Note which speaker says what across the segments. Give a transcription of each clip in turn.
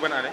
Speaker 1: ban année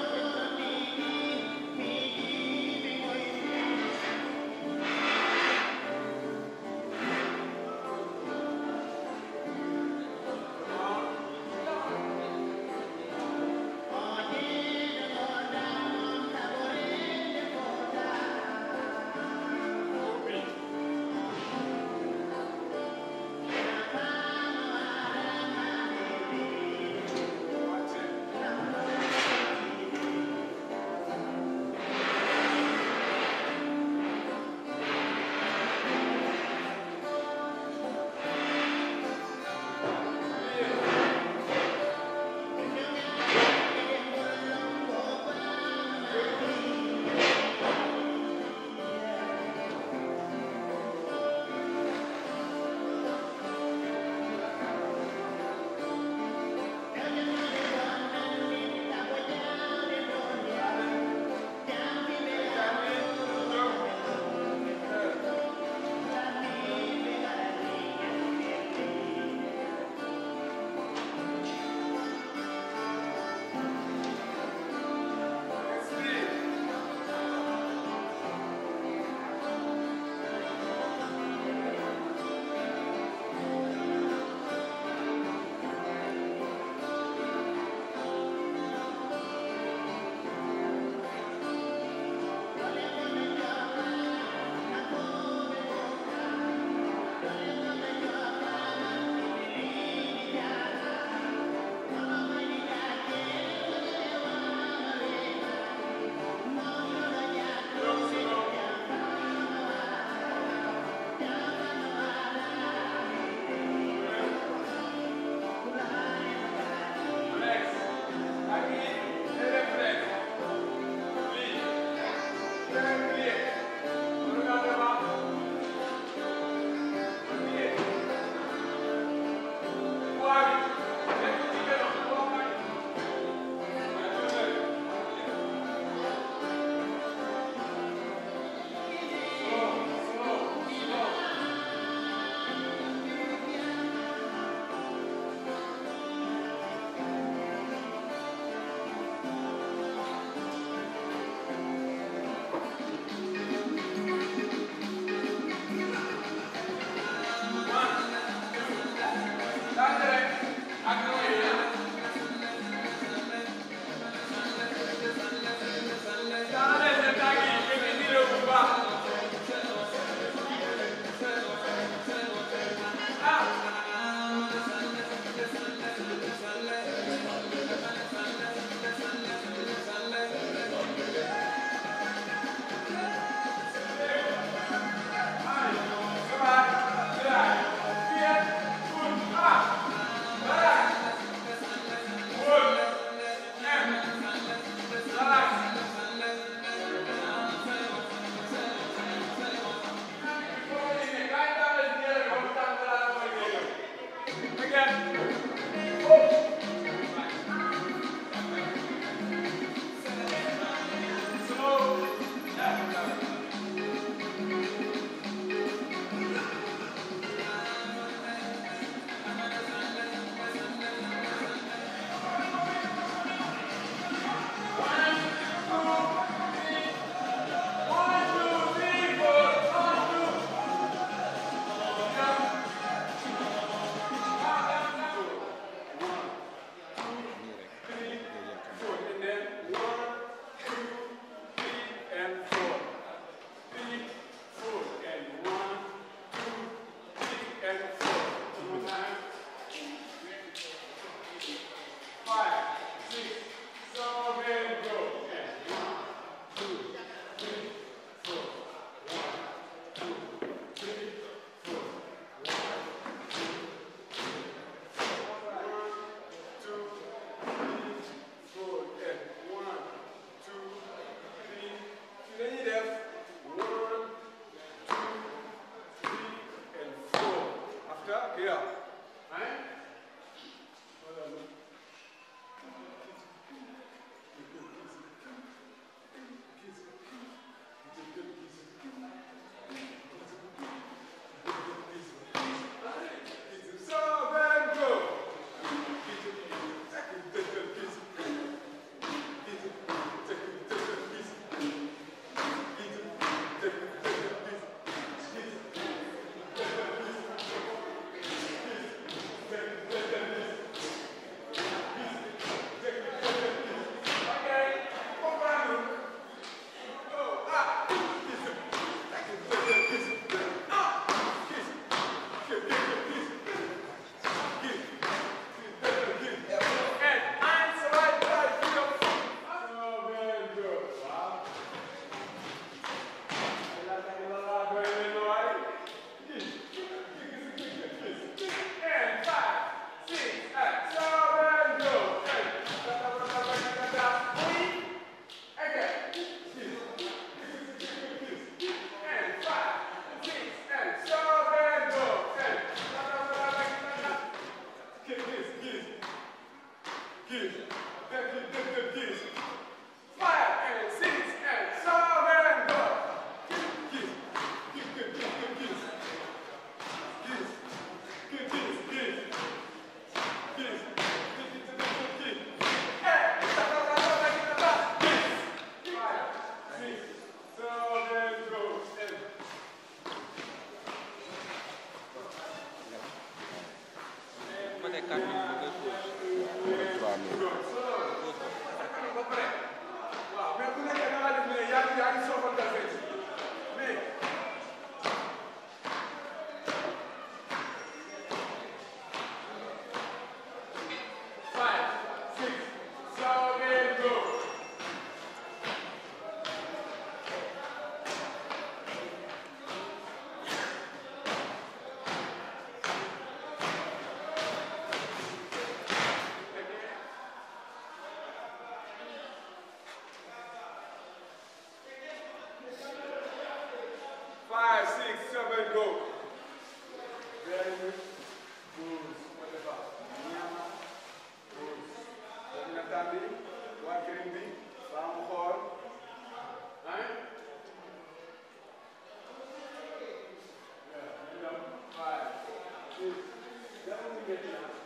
Speaker 1: good enough.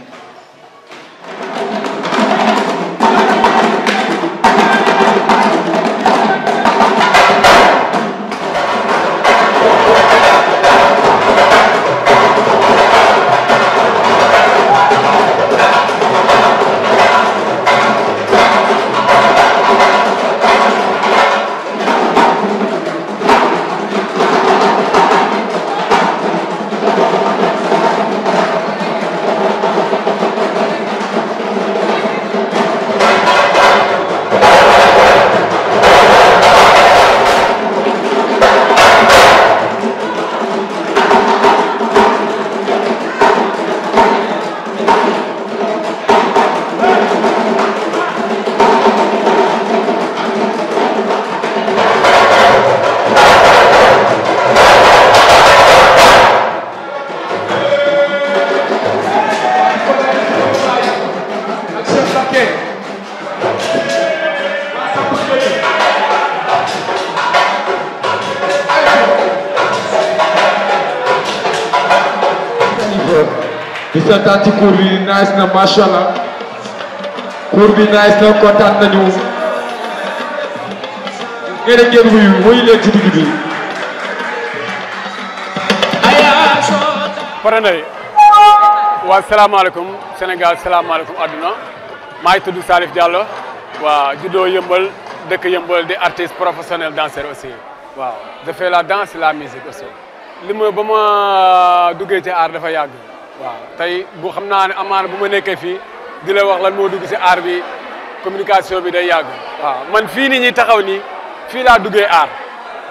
Speaker 1: Thank you. kontaan ci allah cours bi nice nañu ngeen ak ngeen wuyu leen ci digg pare na waa salaamaaleykum Sénégal salaamaaleykum àdduna maa ngi tudd Salif Diallo waa juddoo yëmbal dëkk yëmbal di artiste professionnel danseur aussi waaw je la danse la musique aussi li ma ba ma duggee ci art dafa yàgg. tay bu xamna ni amana bu ma nekkee di la wax lan mo dugg ci art bi communication bi day yag wa man fi ni ñi taxaw ni fi la duggé art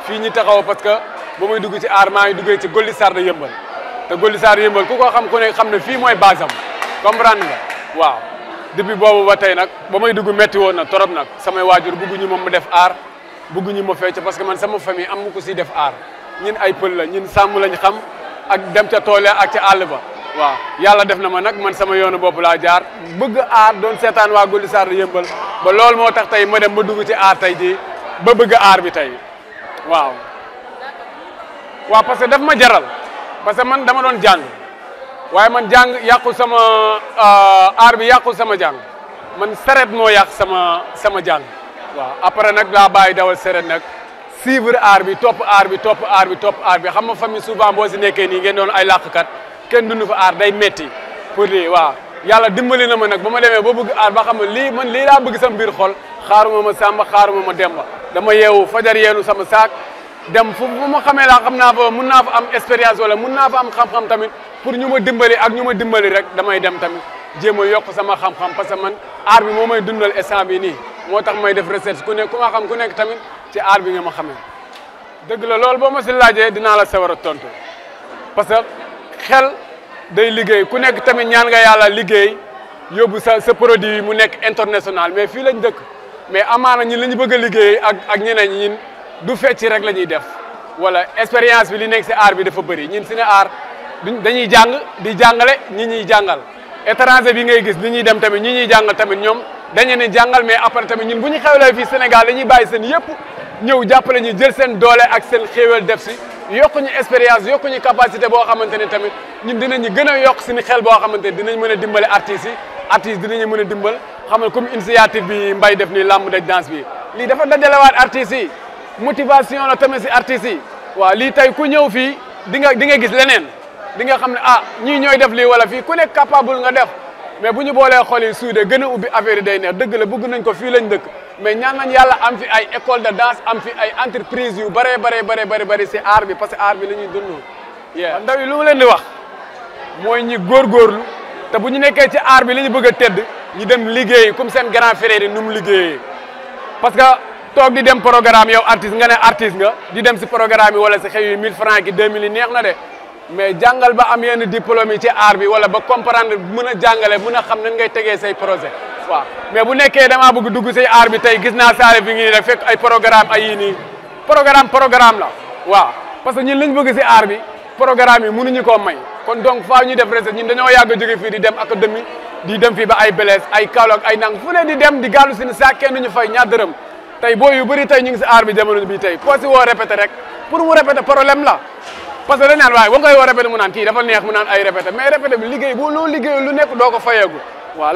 Speaker 1: fi ñi taxaw parce que ba muy dugg ci art ma ngi duggé ci Golli Sarr da yëmbal te Golli Sarr yëmbal ku ko xam ku ne xam na fi moy base am comprendre nga wa depuis bobu ba tay nak dugg metti torop nak samay wajur mom def mo fecc parce que man sama famille am ko ci def art ñin ay peul la ñin sam lañ xam ak dem ca tole ya ak ca waaw yàlla def na ma nak man sama yoonu bop la jaar bëgg aar doon sétane wa Gulli sar yëmbal ba lool mo tax tay ma dem ba dugg ci aar tay jii ba bëgg aar bi tay waaw. wa parce que daf ma jaral parce que man dama doon jang waye man jang yàqul sama euh, aar bi yàqul sama jang. man saret mo yaq sama sama jang. waaw après nak la bay dawal saret nak suivre aar bi top aar bi top aar bi top aar bi xam nga famille souvent bo ci nekké ni ngeen doon ay kat kenn duñu fa aar day metti pour lii waaw yàlla dimbali na ma nag ba ma demee ba bëgg aar ba xam ne lii man li laa bëgg sama biir xol xaaruma ma sàmba xaaruma ma demba dama yeewu fajar yeenu sama saak dem fu ma xamee laa xam naa fa mun naa fa am expérience wala mun naa fa am xam-xam tamit pour ñu ma dimbali ak ñu ma dimbali rek damay dem tamit jéem a yokk sama xam-xam parce que man aar bi moo may dundal instant bi nii moo tax may def recherche ku nekk ku ma xam ku nekk tamit ci aar bi nga ma xamee dëgg la loolu boo ma si laajee dinaa la sawar a tontu xel day liggéey ku nekk tamit ñaan nga yàlla liggéey yóbbu sa sa produit yi mu nekk international mais fii lañ dëkk mais amaana ñi la ñu bëgg a liggéey ak ak ñeneen ñin du fecci rek la ñuy def wala expérience bi li nekk si aar bi dafa bëri ñin si ne aar dañuy jàng di jàngale ñi ñuy jàngal étranger bi ngay gis li ñuy dem tamit ñi ñuy jàngal tamit ñoom dañu ne jàngal mais après tamit ñun bu ñu xewlee fii Sénégal dañuy bàyyi seen yëpp ñëw jàppale ñu jël seen doole ak seen xéewal def si yokku ñu expérience yokku ñu capacité boo xamante ni tamit ñun dinañu gën a yokk suñu xel boo xamante ni dinañ mën a dimbale artistes yi artistes dinañu mën a dimbal xam nga comme initiative bi mbay def nii làmb daj danse bi lii dafa dajalewaat artistes yi motivation la tamit si artistes yi waaw lii tey ku ñëw fii di nga di nga gis leneen di nga xam ne ah ñii ñooy def lii wala fii ku nekk capable nga def mais bu ñu boolee xol yi suude gën a ubbi affaire day neex dëgg bëgg nañ ko fii lañ dëkk mais ñaan nañ yàlla am fi ay école de danse am fi ay entreprise yu bëree bare bare bëri bëri si aar bi parce que aar bi la ñuy dund. waaw ndaw lu mu leen di wax mooy ñi lu te bu ñu nekkee ci aar bi li ñu bëgg a tëdd ñu dem liggéeyi comme seen grand frère yi nu mu liggéeyee. parce que toog di dem programme yow artiste nga ne artiste nga di dem si programme yi wala si xew yi 1000 francs yi 2000 yi neex na de mais jàngal ba am yenn diplôme yi ci aar bi wala ba comprendre mën a jàngale mën a xam nan ngay tegee say projet. fois mais bu nekkee damaa bëgg dugg say aar bi tey gis naa saare bi ngi nii rek fekk ay programme ay yii programme programme la waa parce que ñun lañ bëgg si aar bi programme yi mënuñu koo may kon donc faaw ñu def recette ñun dañoo yàgg a jóge fii di dem académie di dem fii ba ay Belees ay Kaolack ay nang fu ne di dem di gàllu sin saak kenn ñu fay ñaar dërëm tey boo yu bëri tey ñu ngi si aar bi jamono bi tey koo si woo répété rek pour mu répété problème la parce que naan waaye wa ngay woo répété mu naan lu nekk doo ko fayeegu waaw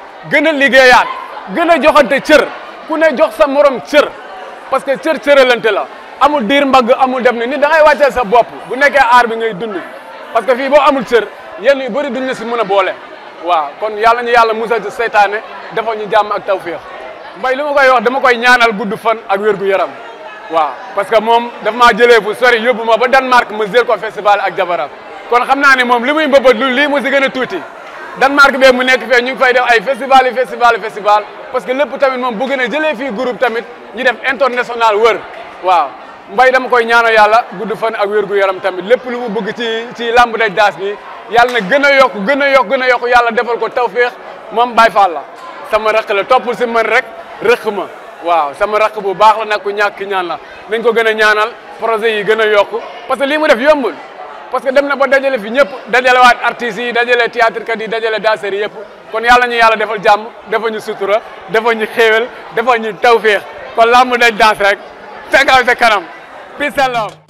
Speaker 1: gën a liggéeyaat gën a joxante cër ku ne jox sa morom cër parce que cër cëralante la amul diir mbagg amul dem ne ni da ngay wàccee sa bopp bu nekkee aar bi ngay dund parce que fii boo amul cër yenn yu bëri duñ la si mun a boole waaw kon yàlla ñu yàlla musal ci seytaane defal ñu jàmm ak tawféex bay lu ma koy wax dama koy ñaanal gudd fan ak wér yaram waaw parce que moom daf maa jëlee fu sori yóbbu ma ba Danemark ma jël ko festival ak jabaram kon xam naa ne moom li muy mbëbët lu lii mu gën a tuuti Danemark bee mu nekk fee ñu ngi fay def ay festival yi festival yi festival parce que lépp tamit moom bëgg na jëlee fii groupe tamit ñu def international wër waaw mbay dama koy ñaano yàlla gudd fan ak wér gu yaram tamit lépp lu mu bëgg ci ci làmb daj daas yàlla na gën a yokk gën a yokk gën a yokk yàlla defal ko tawféex moom Baye Fall la sama raq la topp si man rek rëq ma waaw sama raq bu baax la nag ku ñàkk ñaan la nañ ko gën a ñaanal projet yi gën a yokk parce que lii mu def yombul parce que dem na ba dajale fi ñëpp dajalewaat artistes yi dajale théâtre kat dajale danseurs yëpp kon yàlla ñu yàlla defal jàmm dafa ñu sutura dafa ñu xéewal dafa ñu tawféex kon làmb daj danse rek ca kaw ca